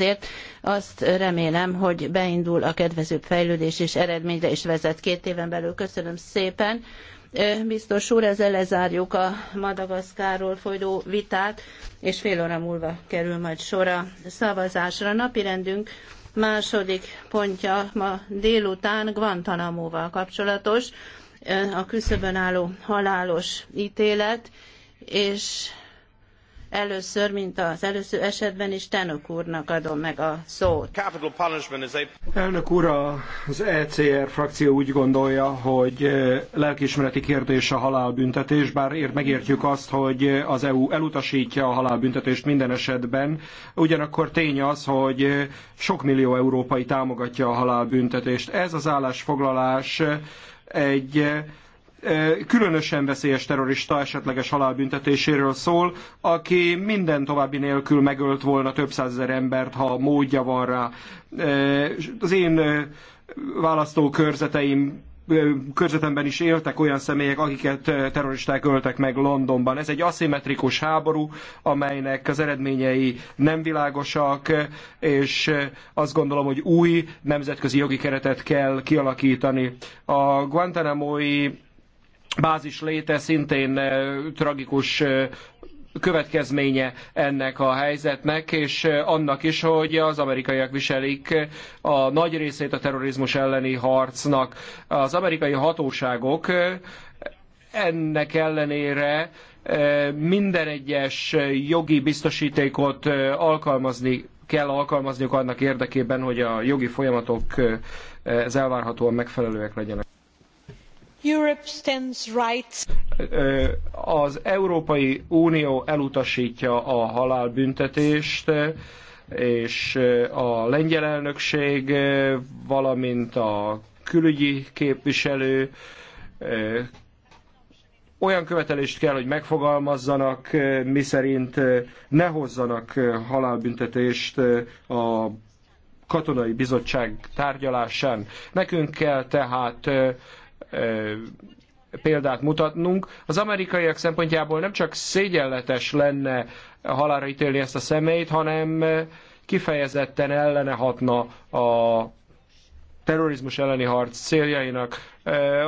Ezért azt remélem, hogy beindul a kedvezőbb fejlődés és eredményre is vezet két éven belül. Köszönöm szépen. Biztos úr, ezzel lezárjuk a Madagaszkáról folyó vitát, és fél óra múlva kerül majd sor a szavazásra. Napirendünk második pontja ma délután Guantanamo-val kapcsolatos, a küszöbön álló halálos ítélet, és Először, mint az előző esetben is, Tenok úrnak adom meg a szót. Elnök úr, az ECR frakció úgy gondolja, hogy lelkiismereti kérdés a halálbüntetés, bár ért megértjük azt, hogy az EU elutasítja a halálbüntetést minden esetben, ugyanakkor tény az, hogy sok millió európai támogatja a halálbüntetést. Ez az állásfoglalás egy Eh, különösen veszélyes terrorista esetleges halálbüntetéséről szól, aki minden további nélkül megölt volna több százezer embert, ha módja van rá. Eh, az én eh, választókörzeteim körzetemben is éltek olyan személyek, akiket terroristák öltek meg Londonban. Ez egy aszimmetrikus háború, amelynek az eredményei nem világosak, és azt gondolom, hogy új nemzetközi jogi keretet kell kialakítani. A Guantanamo-i bázis léte szintén tragikus következménye ennek a helyzetnek, és annak is, hogy az amerikaiak viselik a nagy részét a terrorizmus elleni harcnak. Az amerikai hatóságok ennek ellenére minden egyes jogi biztosítékot alkalmazni kell alkalmazniuk annak érdekében, hogy a jogi folyamatok ez elvárhatóan megfelelőek legyenek. Az Európai Unió elutasítja a halálbüntetést, és a lengyel elnökség, valamint a külügyi képviselő olyan követelést kell, hogy megfogalmazzanak, miszerint ne hozzanak halálbüntetést a katonai bizottság tárgyalásán. Nekünk kell tehát példát mutatnunk. Az amerikaiak szempontjából nem csak szégyenletes lenne halára ítélni ezt a személyt, hanem kifejezetten ellene hatna a terrorizmus elleni harc céljainak.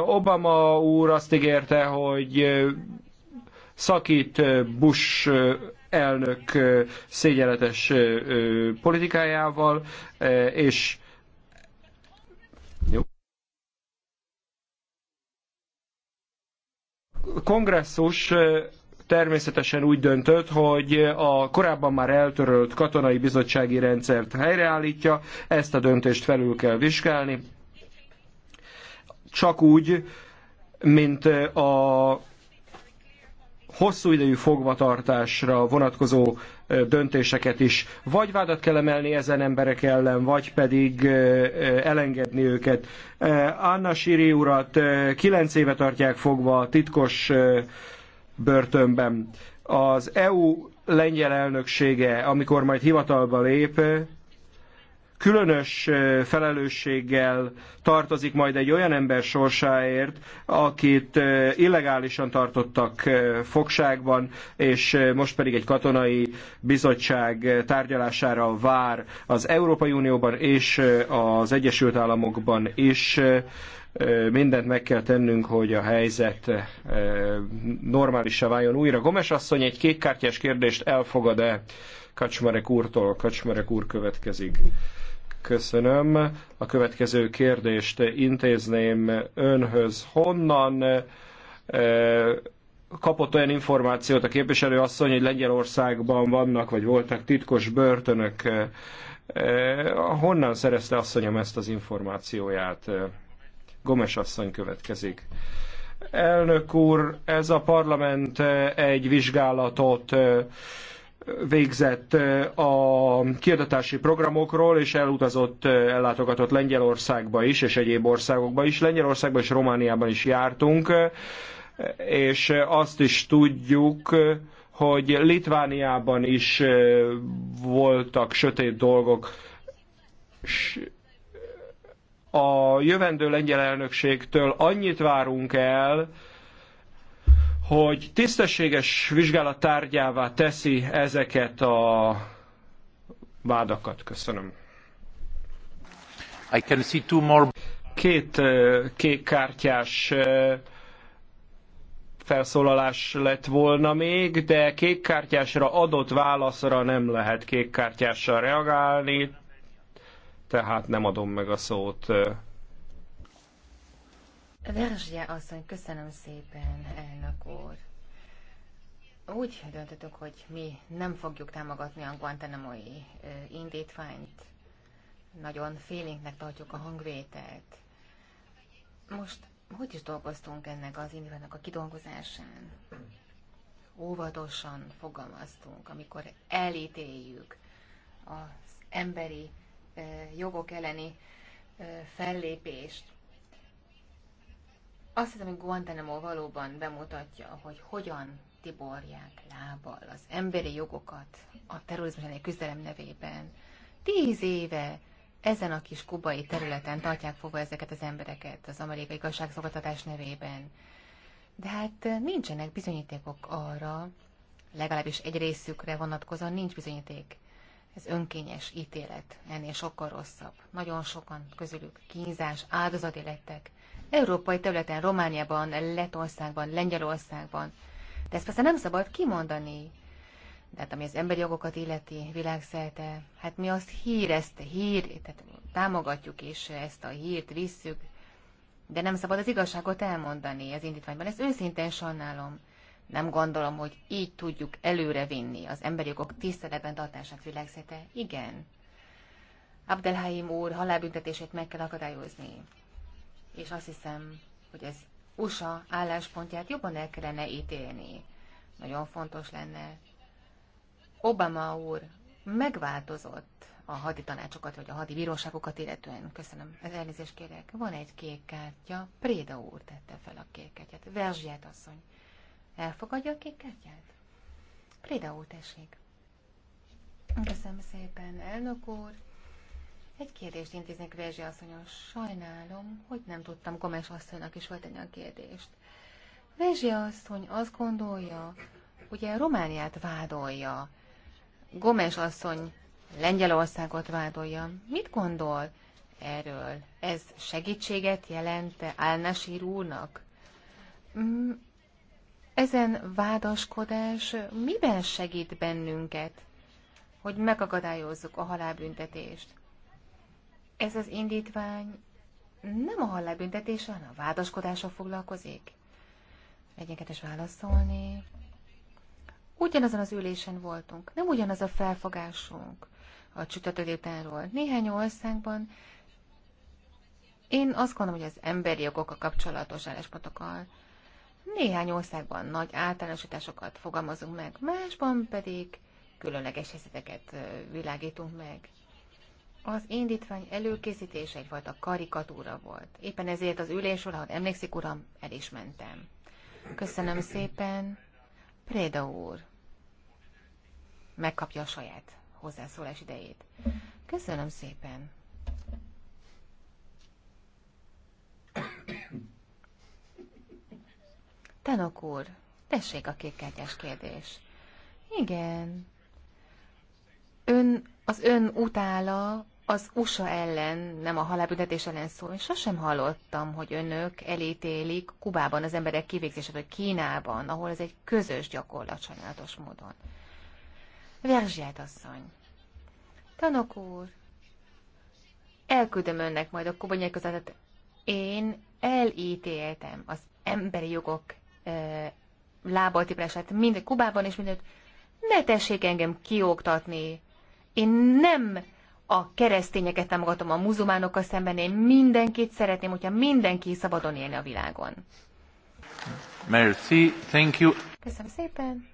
Obama úr azt ígérte, hogy szakít Bush elnök szégyenletes politikájával, és kongresszus természetesen úgy döntött, hogy a korábban már eltörölt katonai bizottsági rendszert helyreállítja, ezt a döntést felül kell vizsgálni. Csak úgy, mint a hosszú idejű fogvatartásra vonatkozó döntéseket is. Vagy vádat kell emelni ezen emberek ellen, vagy pedig elengedni őket. Anna Siri urat kilenc éve tartják fogva a titkos börtönben. Az EU lengyel elnöksége, amikor majd hivatalba lép, különös eh, felelősséggel tartozik majd egy olyan ember sorsáért, akit eh, illegálisan tartottak eh, fogságban, és most pedig egy katonai bizottság tárgyalására vár az Európai Unióban és az Egyesült Államokban is mindent meg kell tennünk, hogy a helyzet normálisra váljon újra. Gomes asszony egy kékkártyás kérdést elfogad-e Kacsmarek úrtól? Kacsmarek úr következik. Köszönöm. A következő kérdést intézném önhöz. Honnan eh, kapott olyan információt a képviselő asszony, hogy Lengyelországban vannak, vagy voltak titkos börtönök? Eh, honnan szerezte asszonyom ezt az információját? Gomes asszony következik. Elnök úr, ez a parlament eh, egy vizsgálatot végzett a kiadatási programokról, és elutazott, ellátogatott Lengyelországba is, és egyéb országokba is. Lengyelországban és Romániában is jártunk, és azt is tudjuk, hogy Litvániában is voltak sötét dolgok. A jövendő lengyel elnökségtől annyit várunk el, hogy tisztességes tárgyává teszi ezeket a vádakat. Köszönöm. I can see two more... Két kékkártyás felszólalás lett volna még, de kékkártyásra adott válaszra nem lehet kékkártyással reagálni, tehát nem adom meg a szót Verzsia asszony, köszönöm szépen, elnök úr. Úgy döntöttük, hogy mi nem fogjuk támogatni a Guantanamo-i indítványt. Nagyon félénknek tartjuk a hangvételt. Most hogy is dolgoztunk ennek az indítványnak a kidolgozásán? Óvatosan fogalmaztunk, amikor elítéljük az emberi jogok elleni fellépést, azt hiszem, hogy Guantanamo valóban bemutatja, hogy hogyan tiborják lábbal az emberi jogokat a terrorizmus elleni küzdelem nevében. Tíz éve ezen a kis kubai területen tartják fogva ezeket az embereket az amerikai igazságszolgáltatás nevében. De hát eh, nincsenek bizonyítékok arra, legalábbis egy részükre vonatkozóan nincs bizonyíték. Ez önkényes ítélet, ennél sokkal rosszabb. Nagyon sokan közülük kínzás, áldozati lettek európai területen, Romániában, Letországban, Lengyelországban. De ezt persze nem szabad kimondani. De hát ami az emberi jogokat illeti világszerte, hát mi azt hírezt, hír, tehát támogatjuk és ezt a hírt visszük, de nem szabad az igazságot elmondani az indítványban. Ezt őszintén sajnálom. Nem gondolom, hogy így tudjuk előre vinni az emberi jogok tiszteletben tartását világszerte. Igen. Abdelhaim úr halálbüntetését meg kell akadályozni és azt hiszem, hogy ez USA álláspontját jobban el kellene ítélni. Nagyon fontos lenne. Obama úr megváltozott a hadi tanácsokat vagy a hadi bíróságokat illetően. Köszönöm. Ez elnézést kérek. Van egy kék kártya. Préda úr tette fel a kék kártyát. Verzsiát asszony. Elfogadja a kék kártyát? Préda úr, tessék. Köszönöm szépen, elnök úr. Egy kérdést intéznék Rezsi asszonyon. Sajnálom, hogy nem tudtam Gomes asszonynak is feltenni a kérdést. Rezsi asszony azt gondolja, ugye Romániát vádolja. Gomes asszony Lengyelországot vádolja. Mit gondol erről? Ez segítséget jelent Álnásír -e úrnak? Mm, ezen vádaskodás miben segít bennünket, hogy megakadályozzuk a halálbüntetést? Ez az indítvány nem a halálbüntetéssel, hanem a vádaskodással foglalkozik. Legyen is válaszolni. Ugyanazon az ülésen voltunk, nem ugyanaz a felfogásunk a csütörtök délutánról. Néhány országban én azt gondolom, hogy az emberi a kapcsolatos álláspontokkal néhány országban nagy általánosításokat fogalmazunk meg, másban pedig különleges helyzeteket világítunk meg. Az indítvány előkészítése egyfajta karikatúra volt. Éppen ezért az ülésről, ahogy emlékszik, uram, el is mentem. Köszönöm szépen. Préda úr. Megkapja a saját hozzászólás idejét. Köszönöm szépen. Tanok úr, tessék a kékkártyás kérdés. Igen. Ön, az ön utála az USA ellen, nem a halálbüntetés ellen szól. Én sosem hallottam, hogy önök elítélik Kubában az emberek kivégzését, vagy Kínában, ahol ez egy közös gyakorlat sajnálatos módon. Verzsiát asszony. Tanok úr, elküldöm önnek majd a kubai nyilatkozatot. Én elítéltem az emberi jogok e, lábaltiprását mind Kubában és mindent. Ne tessék engem kioktatni. Én nem a keresztényeket támogatom, a muzulmánokkal szemben, én mindenkit szeretném, hogyha mindenki szabadon élne a világon. Merci, thank you. Köszönöm szépen.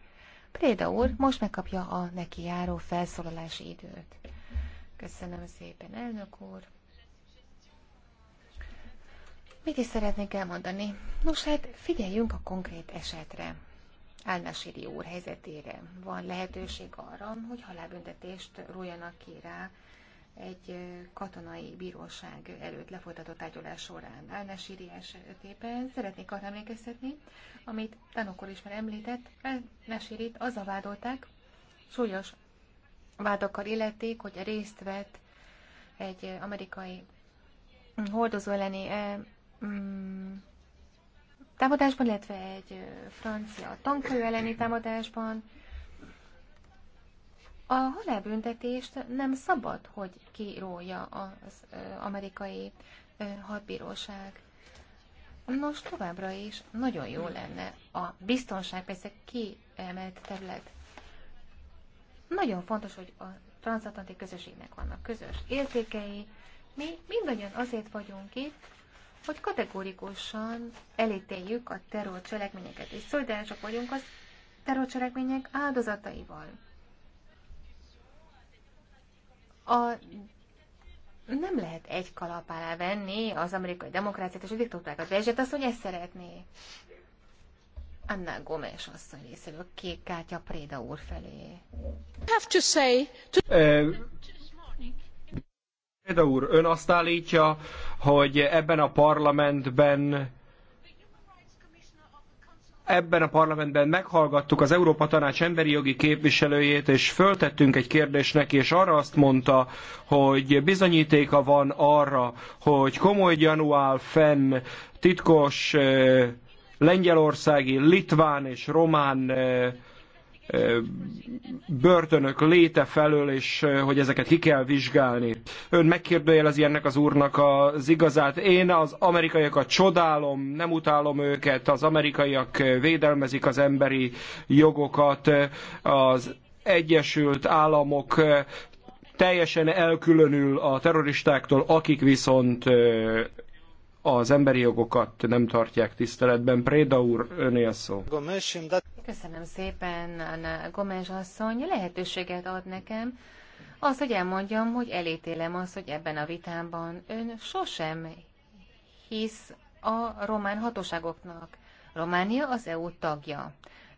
Préda úr most megkapja a neki járó felszólalási időt. Köszönöm szépen, elnök úr. Mit is szeretnék elmondani? Nos, hát figyeljünk a konkrét esetre. Álnásíri úr helyzetére van lehetőség arra, hogy halálbüntetést rújanak ki rá egy katonai bíróság előtt lefolytatott tárgyalás során Álna Síri esetében szeretnék arra emlékeztetni, amit Tanokor is már említett, Álna Sírit azzal vádolták, súlyos vádakkal illették, hogy részt vett egy amerikai mm, hordozó elleni mm, támadásban, illetve egy francia tankhajó elleni támadásban, a halálbüntetést nem szabad, hogy kirólja az amerikai hadbíróság. Nos, továbbra is nagyon jó lenne a biztonság, persze kiemelt terület. Nagyon fontos, hogy a transatlanti közösségnek vannak közös értékei. Mi mindannyian azért vagyunk itt, hogy kategórikusan elítéljük a terrorcselekményeket, és szolidárisak vagyunk az terrorcselekmények áldozataival a nem lehet egy kalap alá venni az amerikai demokráciát és a diktatúrákat. De azt, hogy ezt szeretné. Anna Gomes asszony részéről kék kártya Préda úr felé. Have to say to... Uh... Préda úr, ön azt állítja, hogy ebben a parlamentben ebben a parlamentben meghallgattuk az Európa Tanács emberi jogi képviselőjét, és föltettünk egy kérdést neki, és arra azt mondta, hogy bizonyítéka van arra, hogy komoly gyanú áll fenn titkos eh, lengyelországi, litván és román eh, börtönök léte felől, és hogy ezeket ki kell vizsgálni. Ön megkérdőjelezi ennek az úrnak az igazát. Én az amerikaiakat csodálom, nem utálom őket, az amerikaiak védelmezik az emberi jogokat, az Egyesült Államok teljesen elkülönül a terroristáktól, akik viszont az emberi jogokat nem tartják tiszteletben. Préda úr, önél szó. Köszönöm szépen, Anna Gomes asszony. Lehetőséget ad nekem az, hogy elmondjam, hogy elítélem azt, hogy ebben a vitában ön sosem hisz a román hatóságoknak. Románia az EU tagja.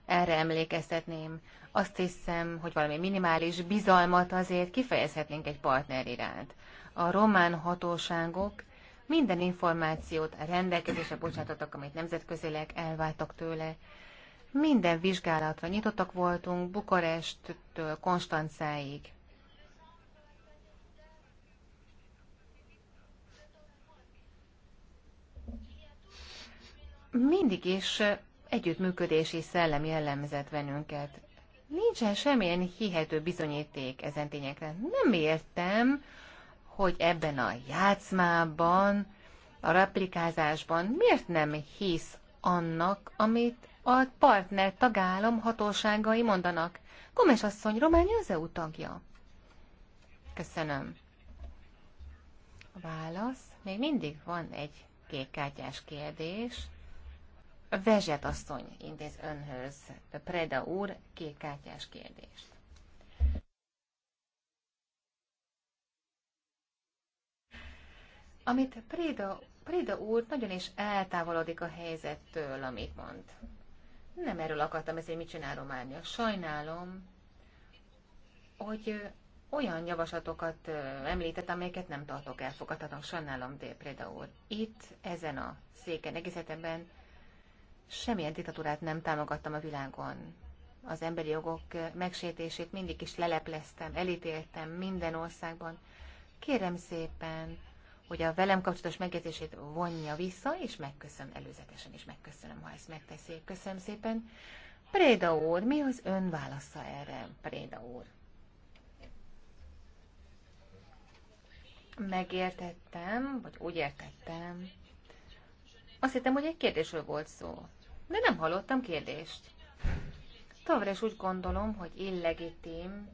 Erre emlékeztetném. Azt hiszem, hogy valami minimális bizalmat azért kifejezhetnénk egy partner iránt. A román hatóságok minden információt rendelkezésre bocsátottak, amit nemzetközileg elváltak tőle. Minden vizsgálatra nyitottak voltunk, Bukaresttől Konstancáig. Mindig is együttműködési szellem jellemzett bennünket. Nincsen semmilyen hihető bizonyíték ezen tényekre. Nem értem, hogy ebben a játszmában, a replikázásban miért nem hisz annak, amit a partner tagállam hatóságai mondanak. Gomes asszony, román az EU tagja. Köszönöm. A válasz. Még mindig van egy kékkártyás kérdés. Vezet asszony intéz önhöz. Preda úr, kékkártyás kérdést. amit Préda, Préda úr nagyon is eltávolodik a helyzettől, amit mond. Nem erről akartam ezért mit csinál Románia. Sajnálom, hogy olyan javaslatokat említett, amelyeket nem tartok elfogadhatom. Sajnálom, de úr, itt, ezen a széken, egész semmilyen diktatúrát nem támogattam a világon. Az emberi jogok megsértését mindig is lelepleztem, elítéltem minden országban. Kérem szépen, hogy a velem kapcsolatos megjegyzését vonja vissza, és megköszönöm előzetesen, és megköszönöm, ha ezt megteszi. Köszönöm szépen. Préda úr, mi az ön válasza erre, Préda úr? Megértettem, vagy úgy értettem. Azt hittem, hogy egy kérdésről volt szó, de nem hallottam kérdést. Továbbra is úgy gondolom, hogy illegitim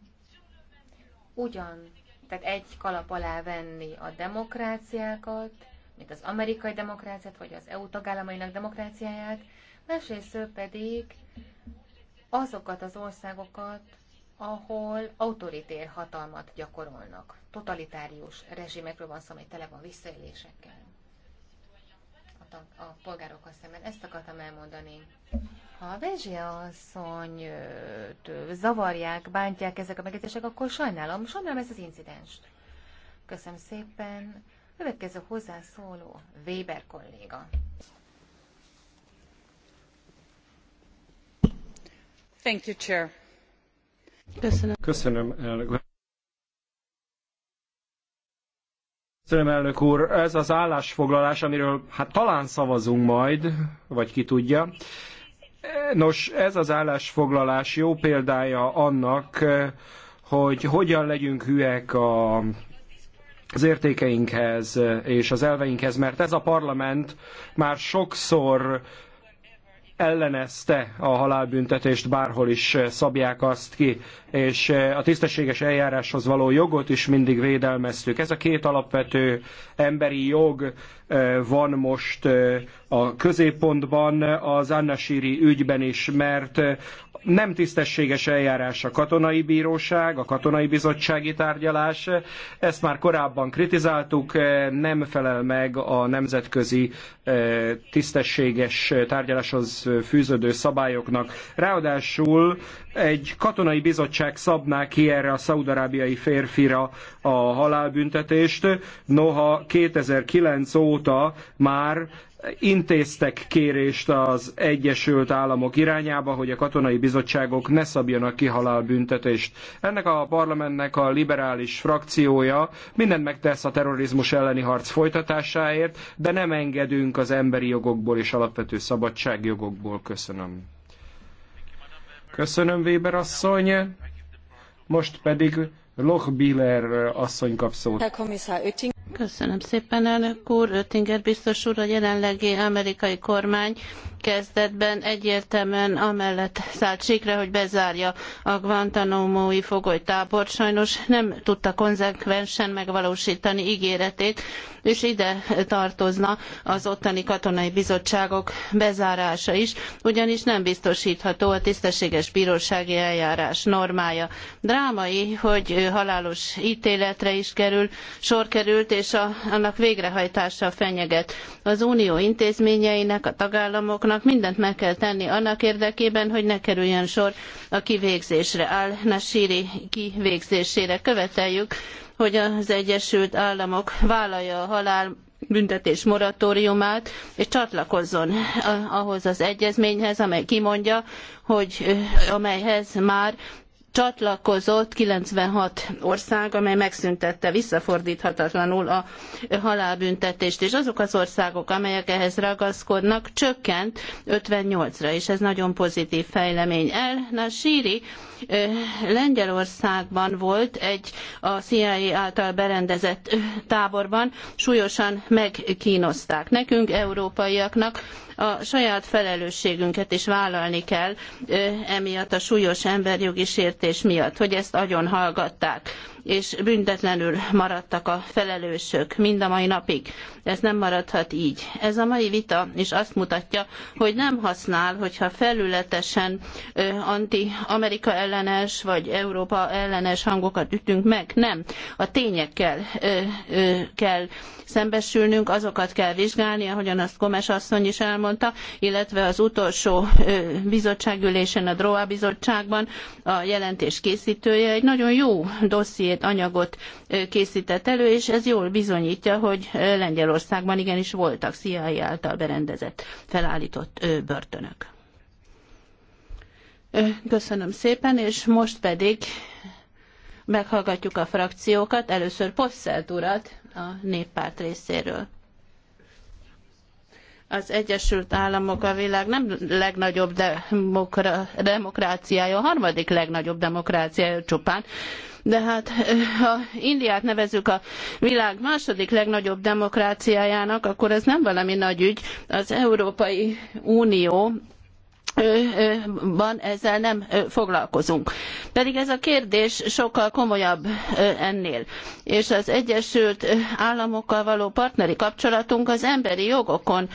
ugyan tehát egy kalap alá venni a demokráciákat, mint az amerikai demokráciát, vagy az EU tagállamainak demokráciáját, másrészt pedig azokat az országokat, ahol autoritér hatalmat gyakorolnak. Totalitárius rezsimekről van szó, ami tele van visszaélésekkel. A a polgárokkal szemben. Ezt akartam elmondani. Ha a Vezsia asszony zavarják, bántják ezek a megjegyzések, akkor sajnálom, sajnálom ezt az incidenst. Köszönöm szépen. Következő hozzászóló Weber kolléga. Thank you, Chair. Köszönöm. Köszönöm, elnök. Köszönöm, elnök úr. Ez az állásfoglalás, amiről hát talán szavazunk majd, vagy ki tudja. Nos, ez az állásfoglalás jó példája annak, hogy hogyan legyünk hülyek a az értékeinkhez és az elveinkhez, mert ez a parlament már sokszor ellenezte a halálbüntetést, bárhol is eh, szabják azt ki, és eh, a tisztességes eljáráshoz való jogot is mindig védelmeztük. Ez a két alapvető emberi jog eh, van most a középpontban az Annasíri ügyben is, mert nem tisztességes eljárás a katonai bíróság, a katonai bizottsági tárgyalás. Ezt már korábban kritizáltuk, nem felel meg a nemzetközi tisztességes tárgyaláshoz fűződő szabályoknak. Ráadásul egy katonai bizottság szabná ki erre a szaudarábiai férfira a halálbüntetést, noha 2009 óta már intéztek kérést az Egyesült Államok irányába, hogy a katonai bizottságok ne szabjanak ki halálbüntetést. Ennek a parlamentnek a liberális frakciója mindent megtesz a terrorizmus elleni harc folytatásáért, de nem engedünk az emberi jogokból és alapvető szabadságjogokból. Köszönöm. Köszönöm, Weber asszony. Most pedig Loch Biller asszony kap szót. Köszönöm szépen, elnök úr. Öttinger biztos úr, a jelenlegi amerikai kormány kezdetben egyértelműen amellett szállt sikre, hogy bezárja a Guantanamo-i fogolytábort. Sajnos nem tudta konzekvensen megvalósítani ígéretét, és ide tartozna az ottani katonai bizottságok bezárása is, ugyanis nem biztosítható a tisztességes bírósági eljárás normája. Drámai, hogy halálos ítéletre is kerül, sor került, és a, annak végrehajtása fenyeget. Az unió intézményeinek, a tagállamoknak mindent meg kell tenni annak érdekében, hogy ne kerüljön sor a kivégzésre, áll Nasiri kivégzésére. Követeljük, hogy az Egyesült Államok vállalja a halál büntetés moratóriumát, és csatlakozzon ahhoz az egyezményhez, amely kimondja, hogy amelyhez már csatlakozott 96 ország, amely megszüntette visszafordíthatatlanul a halálbüntetést, és azok az országok, amelyek ehhez ragaszkodnak, csökkent 58-ra, és ez nagyon pozitív fejlemény. El Síri Lengyelországban volt egy a CIA által berendezett táborban, súlyosan megkínozták. Nekünk, európaiaknak a saját felelősségünket is vállalni kell emiatt a súlyos emberjogi sértés miatt, hogy ezt agyon hallgatták és büntetlenül maradtak a felelősök mind a mai napig. Ez nem maradhat így. Ez a mai vita is azt mutatja, hogy nem használ, hogyha felületesen anti-Amerika ellenes vagy Európa ellenes hangokat ütünk meg. Nem. A tényekkel ö, ö, kell szembesülnünk, azokat kell vizsgálni, ahogyan azt Gomes asszony is elmondta, illetve az utolsó bizottságülésen, a DROA bizottságban a jelentés készítője egy nagyon jó dossziét konkrét anyagot készített elő, és ez jól bizonyítja, hogy Lengyelországban igenis voltak CIA által berendezett, felállított börtönök. Köszönöm szépen, és most pedig meghallgatjuk a frakciókat, először Posselt urat a néppárt részéről az Egyesült Államok a világ nem legnagyobb demokra, demokráciája, a harmadik legnagyobb demokráciája csupán, de hát ha Indiát nevezzük a világ második legnagyobb demokráciájának, akkor ez nem valami nagy ügy. Az Európai Unió van ezzel nem foglalkozunk. Pedig ez a kérdés sokkal komolyabb ennél. És az Egyesült Államokkal való partneri kapcsolatunk az emberi jogokon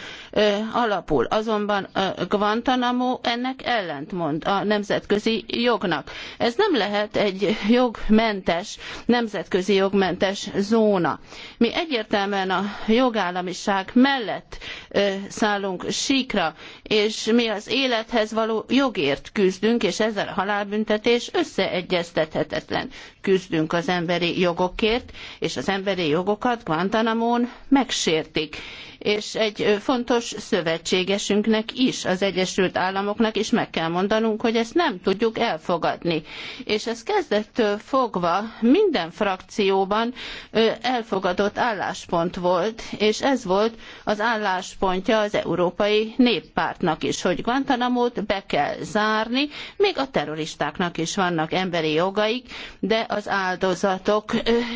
alapul. Azonban Guantanamo ennek ellentmond a nemzetközi jognak. Ez nem lehet egy jogmentes, nemzetközi jogmentes zóna. Mi egyértelműen a jogállamiság mellett szállunk síkra, és mi az élet élethez való jogért küzdünk, és ezzel a halálbüntetés összeegyeztethetetlen. Küzdünk az emberi jogokért, és az emberi jogokat Guantanamon megsértik és egy fontos szövetségesünknek is, az Egyesült Államoknak is meg kell mondanunk, hogy ezt nem tudjuk elfogadni. És ez kezdettől fogva minden frakcióban elfogadott álláspont volt, és ez volt az álláspontja az Európai Néppártnak is, hogy Guantanamo államot be kell zárni, még a terroristáknak is vannak emberi jogaik, de az áldozatok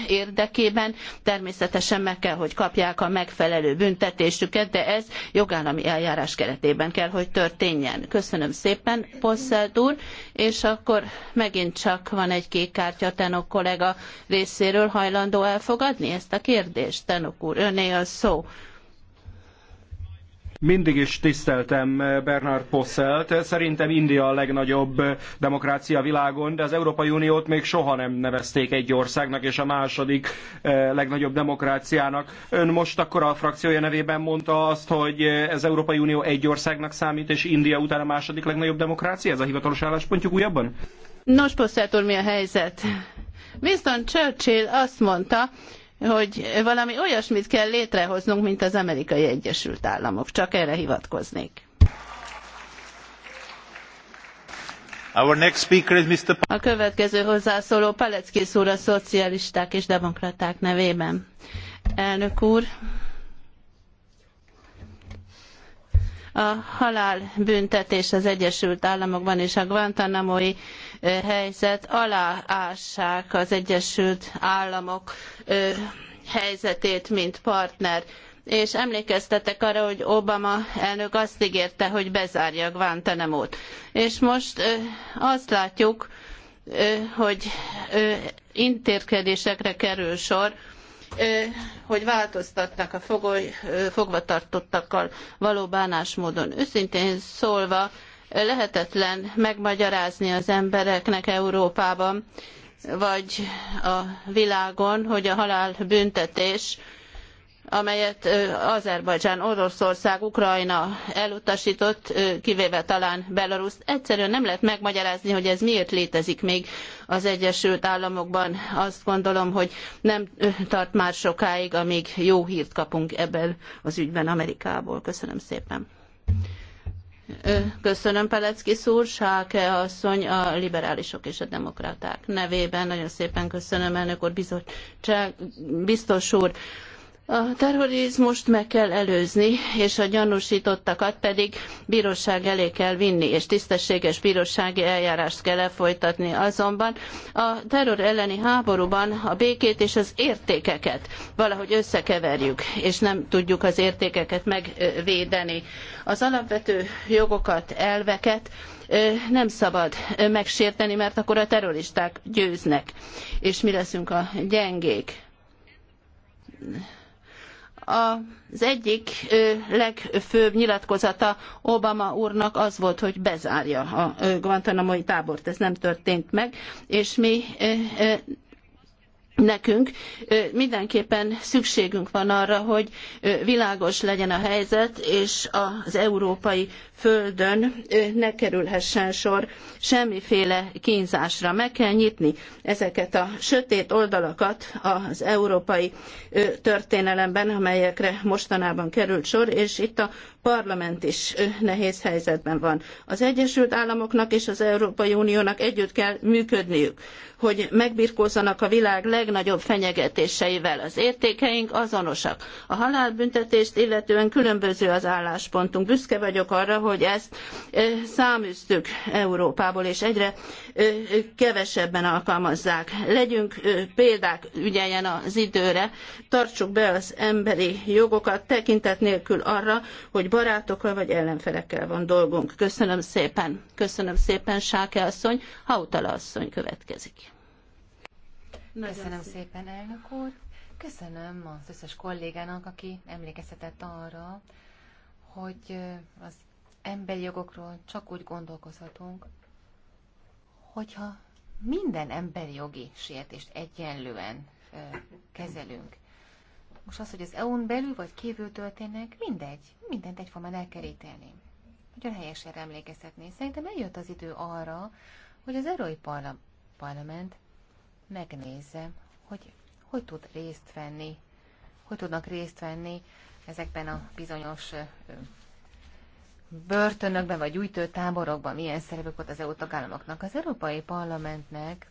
érdekében természetesen meg kell, hogy kapják a megfelelő büntetésüket, de ez jogállami eljárás keretében kell, hogy történjen. Köszönöm szépen, Posselt úr, és akkor megint csak van egy kék kártya Tenok kollega részéről hajlandó elfogadni ezt a kérdést. Tenok úr, öné a szó. Mindig is tiszteltem Bernard Posselt. Szerintem India a legnagyobb demokrácia a világon, de az Európai Uniót még soha nem nevezték egy országnak és a második eh, legnagyobb demokráciának. Ön most akkor a frakciója nevében mondta azt, hogy az Európai Unió egy országnak számít, és India után a második legnagyobb demokrácia? Ez a hivatalos álláspontjuk újabban? Nos, Posselt úr, mi a helyzet? Winston Churchill azt mondta, hogy valami olyasmit kell létrehoznunk, mint az amerikai Egyesült Államok. Csak erre hivatkoznék. Our next speaker is Mr. A következő hozzászóló Paleckis úr a szocialisták és demokraták nevében. Elnök úr, A halálbüntetés az Egyesült Államokban és a Guantanamo-i helyzet aláássák az Egyesült Államok helyzetét, mint partner és emlékeztetek arra, hogy Obama elnök azt ígérte, hogy bezárja Guantanamo-t. És most azt látjuk, hogy intézkedésekre kerül sor, hogy változtatnak a fogoly, fogvatartottakkal való bánásmódon. Őszintén szólva, lehetetlen megmagyarázni az embereknek Európában, vagy a világon, hogy a halálbüntetés amelyet Azerbajdzsán, Oroszország, Ukrajna elutasított, kivéve talán Belaruszt. Egyszerűen nem lehet megmagyarázni, hogy ez miért létezik még az Egyesült Államokban. Azt gondolom, hogy nem tart már sokáig, amíg jó hírt kapunk ebben az ügyben Amerikából. Köszönöm szépen. Köszönöm Pelecki úr, Sáke asszony a liberálisok és a demokraták nevében. Nagyon szépen köszönöm elnök úr, bizottság, biztos úr. A terrorizmust meg kell előzni, és a gyanúsítottakat pedig bíróság elé kell vinni, és tisztességes bírósági eljárást kell lefolytatni. Azonban a terror elleni háborúban a békét és az értékeket valahogy összekeverjük, és nem tudjuk az értékeket megvédeni. Az alapvető jogokat, elveket nem szabad megsérteni, mert akkor a terroristák győznek, és mi leszünk a gyengék az egyik legfőbb nyilatkozata Obama úrnak az volt, hogy bezárja a Guantanamo-i tábort. Ez nem történt meg, és mi Nekünk mindenképpen szükségünk van arra, hogy világos legyen a helyzet, és az európai földön ne kerülhessen sor semmiféle kínzásra. Meg kell nyitni ezeket a sötét oldalakat az európai történelemben, amelyekre mostanában került sor, és itt a parlament is nehéz helyzetben van. Az Egyesült Államoknak és az Európai Uniónak együtt kell működniük, hogy megbirkózzanak a világ legnagyobb fenyegetéseivel. Az értékeink azonosak. A halálbüntetést illetően különböző az álláspontunk. Büszke vagyok arra, hogy ezt száműztük Európából, és egyre kevesebben alkalmazzák. Legyünk példák, ügyeljen az időre, tartsuk be az emberi jogokat, tekintet nélkül arra, hogy barátokkal vagy ellenfelekkel van dolgunk. Köszönöm szépen. Köszönöm szépen, Sáke asszony. Hautala asszony következik. Nagyon Köszönöm szépen, szépen elnök úr. Köszönöm az összes kollégának, aki emlékeztetett arra, hogy az emberi jogokról csak úgy gondolkozhatunk, hogyha minden emberi jogi sértést egyenlően kezelünk, most az, hogy az EU-n belül vagy kívül történnek, mindegy, mindent egyformán el kell ítélni. Nagyon helyesen emlékeztetni. Szerintem eljött az idő arra, hogy az Európai parla Parlament megnézze, hogy hogy tud részt venni, hogy tudnak részt venni ezekben a bizonyos börtönökben vagy táborokban milyen szerepük volt az EU tagállamoknak. Az Európai Parlamentnek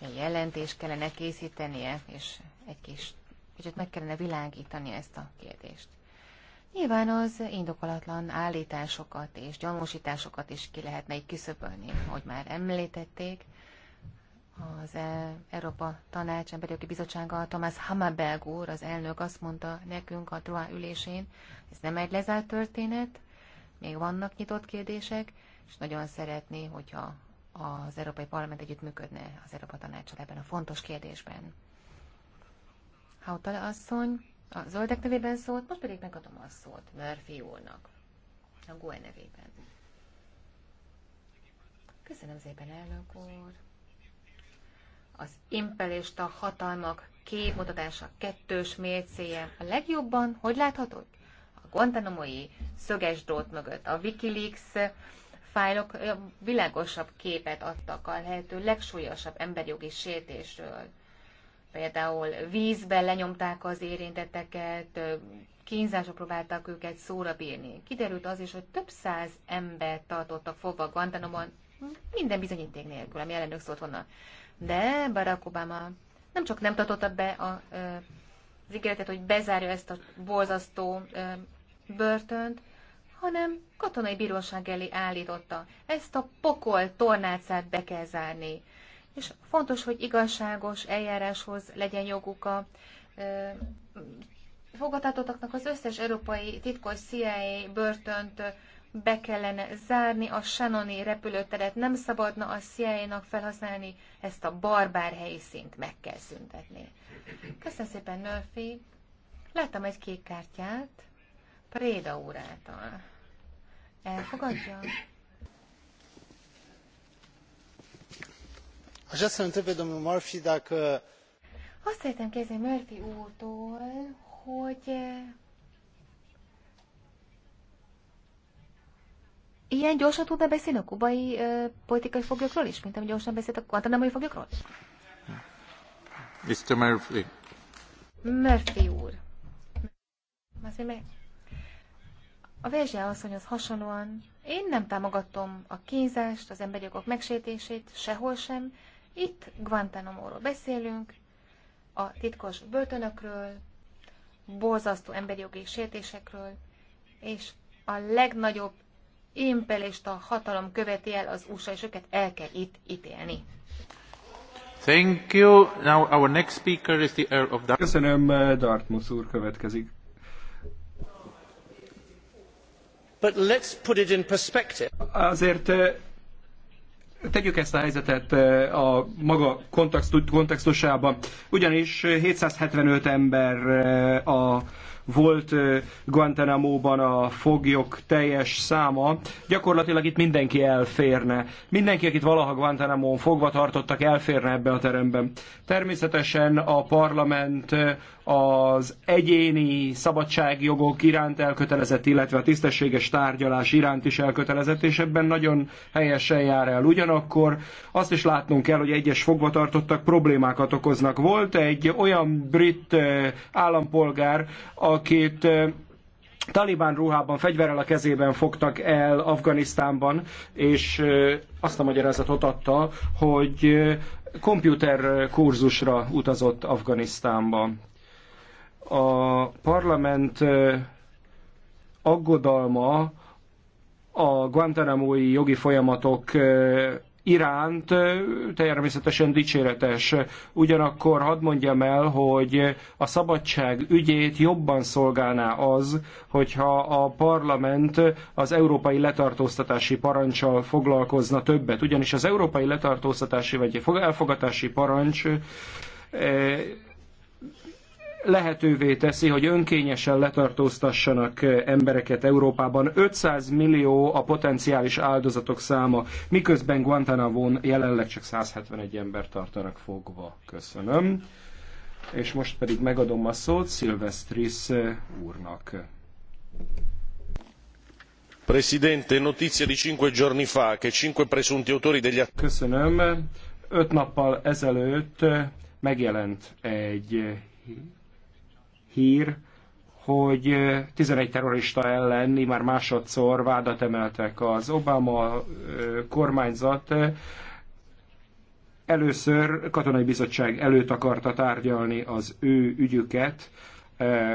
egy jelentést kellene készítenie, és egy kis kicsit meg kellene világítani ezt a kérdést. Nyilván az indokolatlan állításokat és gyanúsításokat is ki lehetne így küszöbölni, hogy már említették. Az e- Európa Tanács Emberi Bizottsága Tomás Hamabelg úr, az elnök azt mondta nekünk a Troá ülésén, ez nem egy lezárt történet, még vannak nyitott kérdések, és nagyon szeretné, hogyha az Európai Parlament együtt működne az Európa Tanácsal ebben a fontos kérdésben. Hautala asszony a zöldek nevében szólt, most pedig megadom a szót Murphy úrnak, a GUE nevében. Köszönöm szépen, elnök úr. Az impelista hatalmak képmutatása kettős mércéje a legjobban, hogy láthatod? guantanamoi szöges drót mögött. A Wikileaks fájlok világosabb képet adtak a lehető legsúlyosabb emberjogi sértésről. Például vízben lenyomták az érintetteket, kínzások próbálták őket szóra bírni. Kiderült az is, hogy több száz ember tartottak fogva Guantanamon, minden bizonyíték nélkül, ami ellenők szólt volna. De Barack Obama nem csak nem tartotta be a, az ígéretet, hogy bezárja ezt a borzasztó börtönt, hanem katonai bíróság elé állította. Ezt a pokol tornácát be kell zárni. És fontos, hogy igazságos eljáráshoz legyen joguk a e, az összes európai titkos CIA börtönt be kellene zárni, a Shannoni repülőteret nem szabadna a CIA-nak felhasználni, ezt a barbár helyszínt meg kell szüntetni. Köszönöm szépen, Nölfi. Láttam egy kék kártyát. Préda úr Elfogadja? Aș Murphy Azt szeretném kérdezni Murphy úrtól, hogy eh, ilyen gyorsan tudna beszélni a kubai ö, eh, politikai foglyokról is, mint amilyen gyorsan beszélt a guantanamoi foglyokról? Mr. Murphy. Murphy úr. Azt mondja, a Vezsia asszonyhoz hasonlóan én nem támogatom a kínzást, az emberi jogok megsértését sehol sem. Itt Guantanamo-ról beszélünk, a titkos börtönökről, borzasztó emberi jogi sértésekről, és a legnagyobb impelést a hatalom követi el az USA, és őket el kell itt ítélni. Thank you. Now our next speaker is the Earl of Dartmouth. Köszönöm, Dartmouth úr következik. but let's put it in perspective. Azért tegyük ezt a helyzetet a maga kontext, kontextusába, ugyanis 775 ember a volt Guantanamo-ban a foglyok teljes száma, gyakorlatilag itt mindenki elférne. Mindenki, akit valaha Guantanamo-on fogva tartottak, elférne ebbe a teremben. Természetesen a parlament az egyéni szabadságjogok iránt elkötelezett, illetve a tisztességes tárgyalás iránt is elkötelezett, és ebben nagyon helyesen jár el. Ugyanakkor azt is látnunk kell, hogy egyes fogvatartottak problémákat okoznak. Volt egy olyan brit állampolgár, a akit talibán ruhában, fegyverrel a kezében fogtak el Afganisztánban, és azt a magyarázatot adta, hogy komputer kurzusra utazott Afganisztánba. A parlament aggodalma a guantanamo jogi folyamatok iránt természetesen dicséretes. Ugyanakkor hadd mondjam el, hogy a szabadság ügyét jobban szolgálná az, hogyha a parlament az európai letartóztatási parancsal foglalkozna többet. Ugyanis az európai letartóztatási vagy elfogatási parancs lehetővé teszi, hogy önkényesen letartóztassanak embereket Európában. 500 millió a potenciális áldozatok száma, miközben Guantanamo-n jelenleg csak 171 ember tartanak fogva. Köszönöm. És most pedig megadom a szót Szilvesztris úrnak. Presidente, notizie di cinque giorni fa che cinque presunti autori degli atti... Köszönöm. Öt nappal ezelőtt megjelent egy hír, hogy 11 terrorista ellen már másodszor vádat emeltek az Obama kormányzat először katonai bizottság előtt akarta tárgyalni az ő ügyüket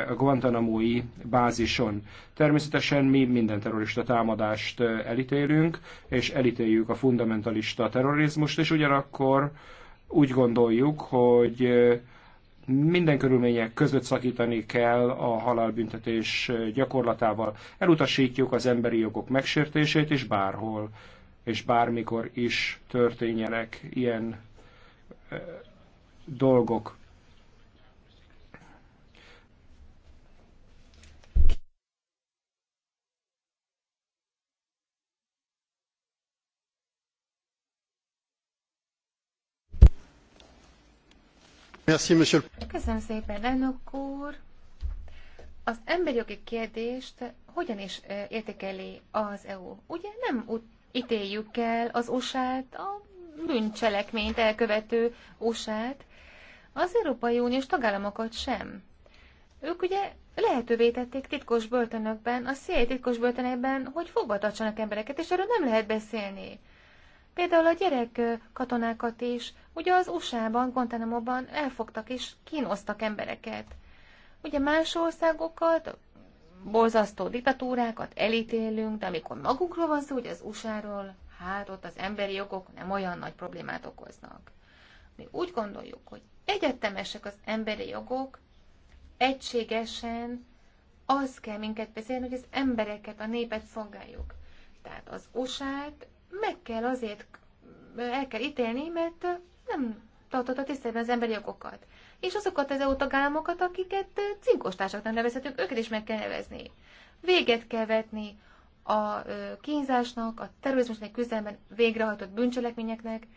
a Guantanamo-i bázison. Természetesen mi minden terrorista támadást elítélünk, és elítéljük a fundamentalista terrorizmust, és ugyanakkor úgy gondoljuk, hogy minden körülmények között szakítani kell a halálbüntetés gyakorlatával. Elutasítjuk az emberi jogok megsértését, és bárhol és bármikor is történjenek ilyen dolgok. Merci, monsieur. Köszönöm szépen, elnök úr. Az emberjogi kérdést hogyan is értékeli az EU? Ugye nem ítéljük el az usa a bűncselekményt elkövető usa az Európai Uniós tagállamokat sem. Ők ugye lehetővé tették titkos börtönökben, a CIA titkos börtönekben, hogy fogva tartsanak embereket, és erről nem lehet beszélni. Például a gyerek katonákat is, ugye az USA-ban, Guantanamo-ban elfogtak és kínoztak embereket. Ugye más országokat, borzasztó diktatúrákat elítélünk, de amikor magukról van szó, hogy az USA-ról, hát ott az emberi jogok nem olyan nagy problémát okoznak. Mi úgy gondoljuk, hogy egyetemesek az emberi jogok, egységesen az kell minket beszélni, hogy az embereket, a népet szolgáljuk. Tehát az usa meg kell azért, el kell ítélni, mert nem tartotta tiszteletben az emberi jogokat. És azokat az EU tagállamokat, akiket cinkostársaknak nevezhetünk, őket is meg kell nevezni. Véget kell vetni a kínzásnak, a terrorizmusnak küzdelemben végrehajtott bűncselekményeknek,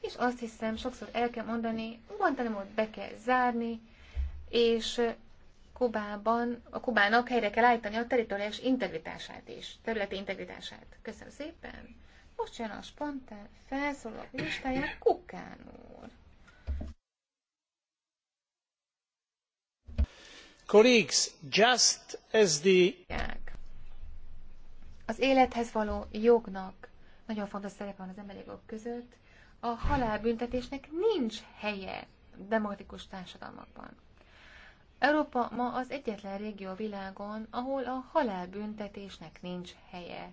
és azt hiszem, sokszor el kell mondani, Guantanamo-t be kell zárni, és Kubában, a Kubának helyre kell állítani a teritoriális integritását is, területi integritását. Köszönöm szépen! Most jön a spontán felszólalók listáján Kukán úr. Colleagues, just as the... Az élethez való jognak nagyon fontos szerepe van az emberi jogok között. A halálbüntetésnek nincs helye demokratikus társadalmakban. Európa ma az egyetlen régió a világon, ahol a halálbüntetésnek nincs helye.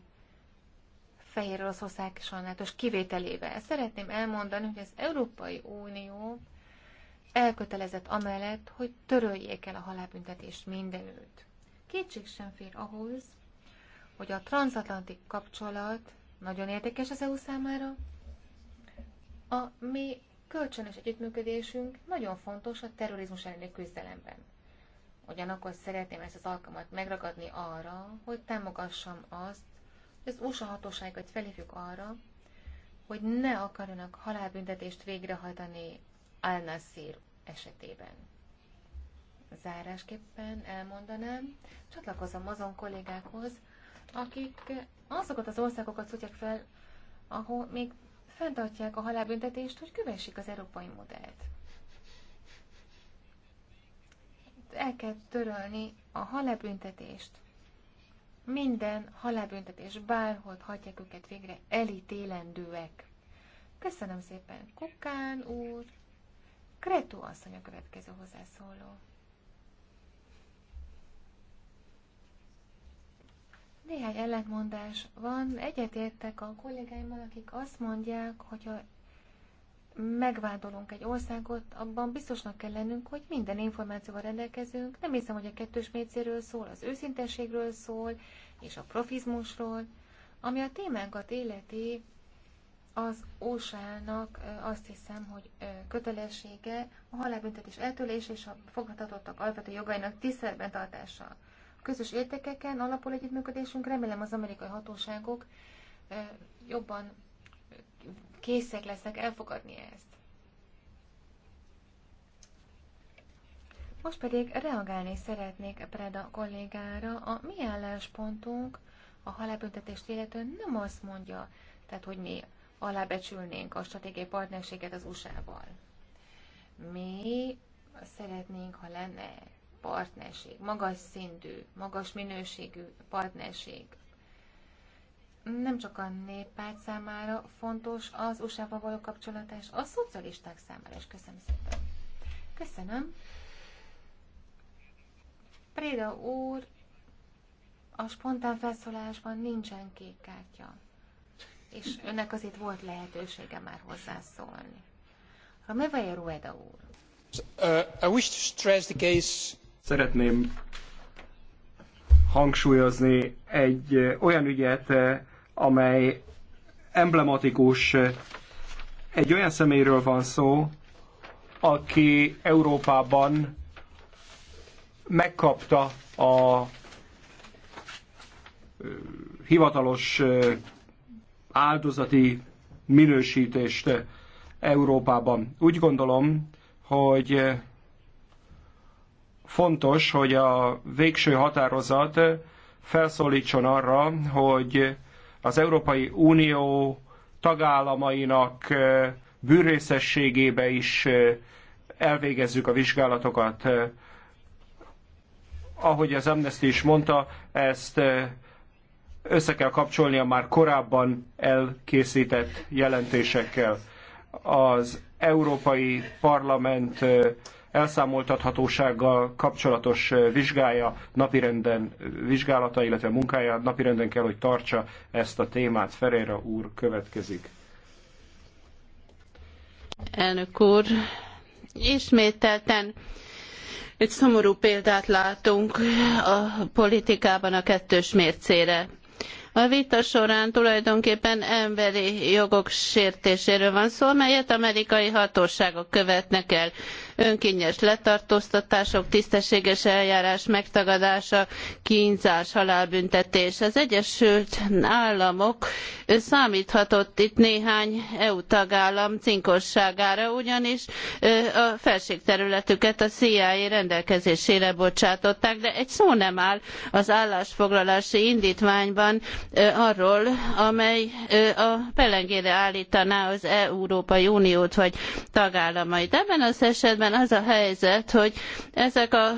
Fehér Oroszország sajnálatos kivételével. Szeretném elmondani, hogy az Európai Unió elkötelezett amellett, hogy töröljék el a halálbüntetést mindenütt. Kétség sem fér ahhoz, hogy a transatlanti kapcsolat nagyon érdekes az EU számára. A mi kölcsönös együttműködésünk nagyon fontos a terrorizmus elleni küzdelemben. Ugyanakkor szeretném ezt az alkalmat megragadni arra, hogy támogassam azt, az USA hatóságot felhívjuk arra, hogy ne akarjanak halálbüntetést végrehajtani al Nasir esetében. Zárásképpen elmondanám, csatlakozom azon kollégákhoz, akik azokat az országokat szutják fel, ahol még fenntartják a halálbüntetést, hogy kövessék az európai modellt. El kell törölni a halálbüntetést minden halálbüntetés bárhol hagyják őket végre elítélendőek. Köszönöm szépen, Kukán úr. Kretó asszony a következő hozzászóló. Néhány ellentmondás van. Egyetértek a kollégáimmal, akik azt mondják, hogy ha megvádolunk egy országot, abban biztosnak kell lennünk, hogy minden információval rendelkezünk. Nem hiszem, hogy a kettős mércéről szól, az őszintességről szól, és a profizmusról. Ami a témánkat életi, az ósának azt hiszem, hogy kötelessége a halálbüntetés eltölés és a fogadhatottak alapvető jogainak tiszteletben tartása. A közös értékeken alapul együttműködésünk, remélem az amerikai hatóságok jobban készek lesznek elfogadni ezt. Most pedig reagálni szeretnék Preda kollégára. A mi álláspontunk a halálbüntetést illetően nem azt mondja, tehát hogy mi alábecsülnénk a stratégiai partnerséget az USA-val. Mi szeretnénk, ha lenne partnerség, magas szintű, magas minőségű partnerség nem csak a néppárt számára fontos az usa való kapcsolatás, a szocialisták számára is. Köszönöm szépen. Köszönöm. Préda úr, a spontán felszólásban nincsen kék kártya, és önnek azért volt lehetősége már hozzászólni. A Rueda úr. Uh, I wish to stress the case... Szeretném hangsúlyozni egy olyan ügyet, amely emblematikus. Egy olyan személyről van szó, aki Európában megkapta a hivatalos áldozati minősítést Európában. Úgy gondolom, hogy fontos, hogy a végső határozat felszólítson arra, hogy az Európai Unió tagállamainak bűnrészességébe is elvégezzük a vizsgálatokat. Ahogy az Amnesty is mondta, ezt össze kell kapcsolni a már korábban elkészített jelentésekkel. Az Európai Parlament elszámoltathatósággal kapcsolatos vizsgája, napirenden vizsgálata, illetve munkája napirenden kell, hogy tartsa ezt a témát. Ferreira úr következik. Elnök úr, ismételten egy szomorú példát látunk a politikában a kettős mércére a vita során tulajdonképpen emberi jogok sértéséről van szó, amelyet amerikai hatóságok követnek el. Önkényes letartóztatások, tisztességes eljárás megtagadása, kínzás, halálbüntetés. Az Egyesült Államok számíthatott itt néhány EU tagállam cinkosságára, ugyanis a felségterületüket a CIA rendelkezésére bocsátották, de egy szó nem áll az állásfoglalási indítványban arról, amely a pelengére állítaná az Európai Uniót vagy tagállamait. Ebben az esetben az a helyzet, hogy ezek a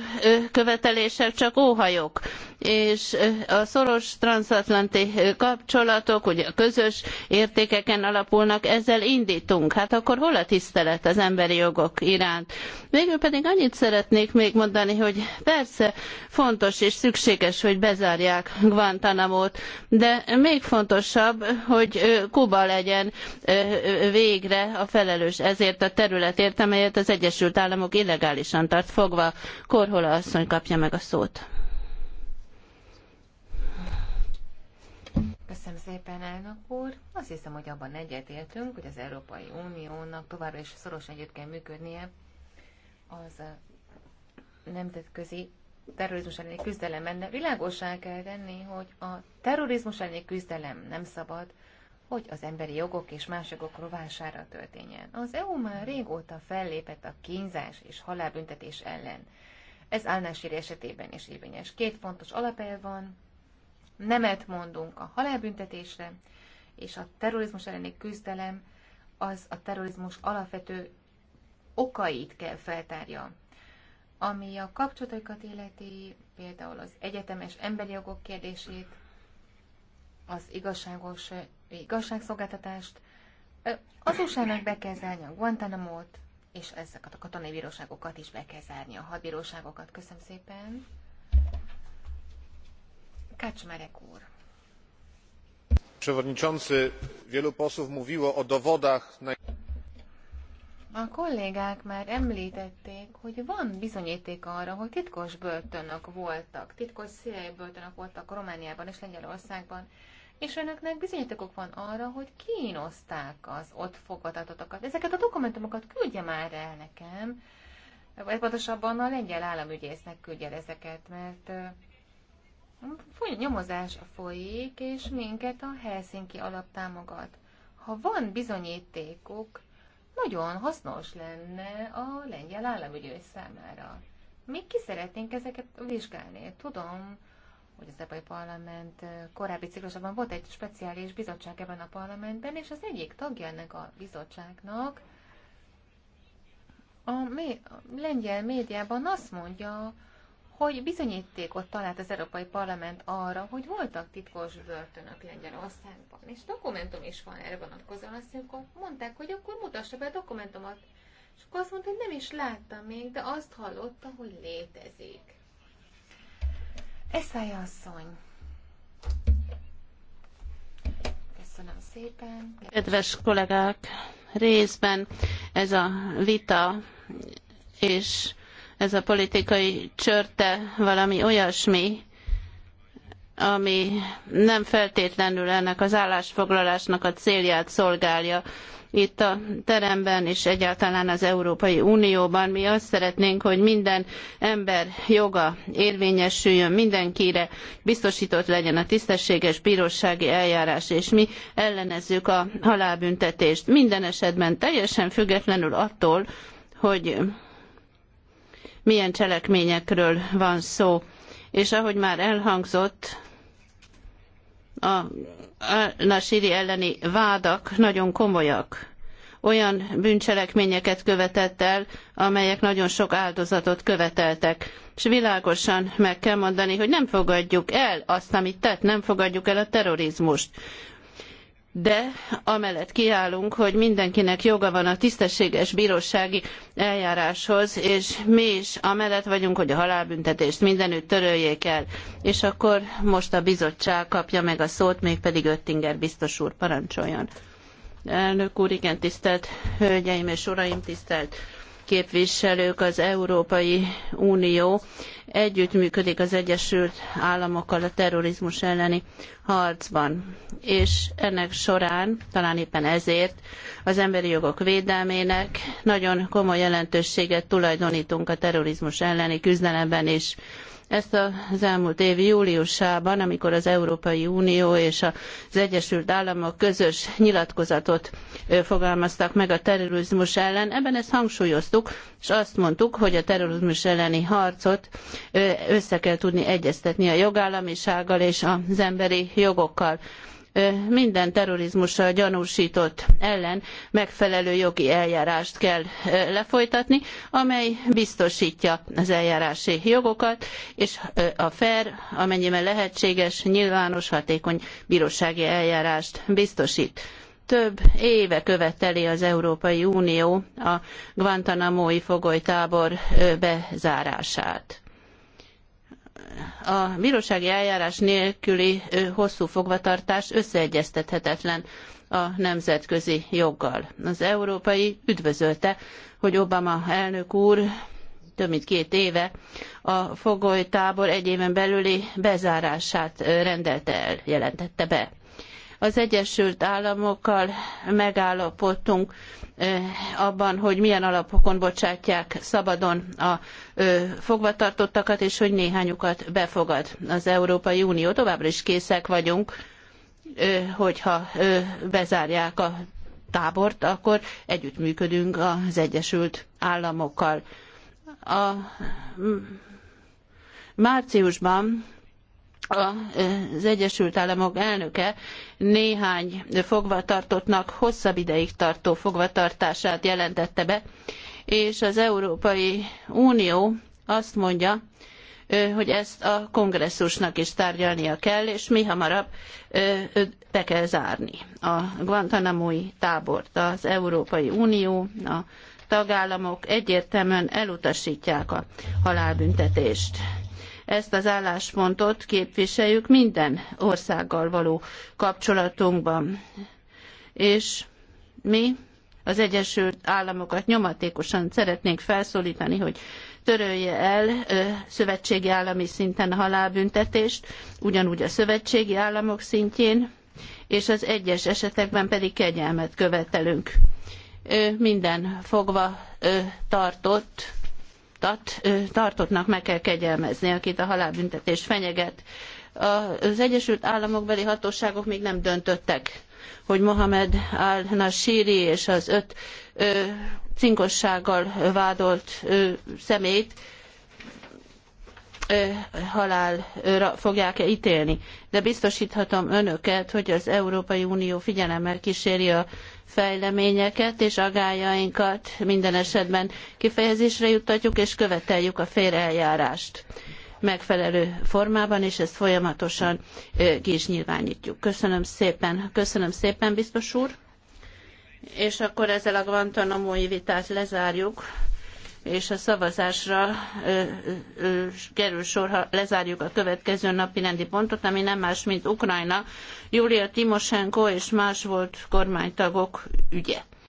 követelések csak óhajok és a szoros transatlanti kapcsolatok, ugye a közös értékeken alapulnak, ezzel indítunk. Hát akkor hol a tisztelet az emberi jogok iránt? Végül pedig annyit szeretnék még mondani, hogy persze fontos és szükséges, hogy bezárják Guantanamo-t, de még fontosabb, hogy Kuba legyen végre a felelős ezért a területért, amelyet az Egyesült Államok illegálisan tart fogva. Korhola asszony kapja meg a szót. Köszönöm szépen, elnök úr. Azt hiszem, hogy abban egyetértünk, hogy az Európai Uniónak továbbra is szorosan együtt kell működnie az nemzetközi terrorizmus elleni küzdelemben, világosá kell tenni, hogy a terrorizmus elleni küzdelem nem szabad, hogy az emberi jogok és más jogok rovására történjen. Az EU már régóta fellépett a kínzás és halálbüntetés ellen. Ez Álnásír esetében is érvényes. Két fontos alapelv van, nemet mondunk a halálbüntetésre, és a terrorizmus elleni küzdelem az a terrorizmus alapvető okait kell feltárja. Ami a kapcsolatokat illeti, például az egyetemes emberi jogok kérdését, az igazságos igazságszolgáltatást, az újságnak be kell zárni a guantanamo t és ezeket a katonai bíróságokat is be kell zárni, a hadbíróságokat. Köszönöm szépen! panie Przewodniczący, wielu posłów mówiło o dowodach. A kollégák már említették, hogy van bizonyíték arra, hogy titkos börtönök voltak, titkos szíriai börtönök voltak Romániában és Lengyelországban, és önöknek bizonyítékok van arra, hogy kínozták az ott fogadatokat. Ezeket a dokumentumokat küldje már el nekem, vagy pontosabban a lengyel államügyésznek küldje ezeket, mert Foly, nyomozás a folyik, és minket a Helsinki alap támogat. Ha van bizonyítékuk, nagyon hasznos lenne a lengyel államügyős számára. Mi ki szeretnénk ezeket vizsgálni. Tudom, hogy az Európai Parlament eh, korábbi ciklusában volt egy speciális bizottság ebben a parlamentben, és az egyik tagja ennek a bizottságnak a, mé- a lengyel médiában azt mondja, hogy bizonyítékot talált az Európai Parlament arra, hogy voltak titkos börtönök Lengyelországban, és dokumentum is van erre vonatkozóan, azt akkor mondták, hogy akkor mutassa be a dokumentumot. És akkor azt mondta, hogy nem is láttam még, de azt hallotta, hogy létezik. Eszály asszony. Köszönöm szépen. Kedves kollégák, részben ez a vita és ez a politikai csörte valami olyasmi, ami nem feltétlenül ennek az állásfoglalásnak a célját szolgálja. Itt a teremben és egyáltalán az Európai Unióban mi azt szeretnénk, hogy minden ember joga érvényesüljön mindenkire, biztosított legyen a tisztességes bírósági eljárás, és mi ellenezzük a halálbüntetést. Minden esetben teljesen függetlenül attól, hogy milyen cselekményekről van szó. És ahogy már elhangzott, a al-Nashiri elleni vádak nagyon komolyak. Olyan bűncselekményeket követett el, amelyek nagyon sok áldozatot követeltek. És világosan meg kell mondani, hogy nem fogadjuk el azt, amit tett, nem fogadjuk el a terrorizmust de amellett kiállunk, hogy mindenkinek joga van a tisztességes bírósági eljáráshoz, és mi is amellett vagyunk, hogy a halálbüntetést mindenütt töröljék el. És akkor most a bizottság kapja meg a szót, mégpedig Öttinger biztos úr parancsoljon. Elnök úr, igen, tisztelt hölgyeim és uraim, tisztelt képviselők, az Európai Unió együttműködik az Egyesült Államokkal a terrorizmus elleni harcban. És ennek során, talán éppen ezért, az emberi jogok védelmének nagyon komoly jelentőséget tulajdonítunk a terrorizmus elleni küzdelemben is. És ezt az elmúlt év júliusában, amikor az Európai Unió és az Egyesült Államok közös nyilatkozatot fogalmaztak meg a terrorizmus ellen, ebben ezt hangsúlyoztuk, és azt mondtuk, hogy a terrorizmus elleni harcot össze kell tudni egyeztetni a jogállamisággal és az emberi jogokkal minden terrorizmussal gyanúsított ellen megfelelő jogi eljárást kell lefolytatni, amely biztosítja az eljárási jogokat, és a fair, amennyiben lehetséges, nyilvános, hatékony bírósági eljárást biztosít több éve követeli az Európai Unió a Guantanamo-i fogolytábor bezárását a bírósági eljárás nélküli hosszú fogvatartás összeegyeztethetetlen a nemzetközi joggal. Az európai üdvözölte, hogy Obama elnök úr több mint két éve a fogolytábor egy éven belüli bezárását rendelte el, jelentette be. Az Egyesült Államokkal megállapodtunk abban, hogy milyen alapokon bocsátják szabadon a fogvatartottakat, és hogy néhányukat befogad az Európai Unió. Továbbra is készek vagyunk, hogyha bezárják a tábort, akkor együttműködünk az Egyesült Államokkal. A márciusban az Egyesült Államok elnöke néhány fogvatartottnak hosszabb ideig tartó fogvatartását jelentette be, és az Európai Unió azt mondja, hogy ezt a kongresszusnak is tárgyalnia kell, és mi hamarabb be kell zárni a Guantanamo-i tábort. Az Európai Unió, a tagállamok egyértelműen elutasítják a halálbüntetést. Ezt az álláspontot képviseljük minden országgal való kapcsolatunkban. És mi az Egyesült Államokat nyomatékosan szeretnénk felszólítani, hogy törölje el ö, szövetségi állami szinten a halálbüntetést, ugyanúgy a szövetségi államok szintjén, és az egyes esetekben pedig kegyelmet követelünk. Ö, minden fogva ö, tartott tartott, tartottnak meg kell kegyelmezni, akit a halálbüntetés fenyeget. Az Egyesült Államok beli hatóságok még nem döntöttek, hogy Mohamed al-Nashiri és az öt ö, cinkossággal vádolt ö, személyt halálra fogják-e ítélni. De biztosíthatom önöket, hogy az Európai Unió figyelemmel kíséri a fejleményeket és agályainkat minden esetben kifejezésre juttatjuk és követeljük a félreeljárást megfelelő formában, és ezt folyamatosan ki is nyilvánítjuk. Köszönöm szépen, köszönöm szépen, biztos úr. És akkor ezzel a Guantanamo vitát lezárjuk és a szavazásra ö, ö, kerül sor, ha lezárjuk a következő napi rendi pontot, ami nem más, mint Ukrajna, Júlia Timosenko és más volt kormánytagok ügye.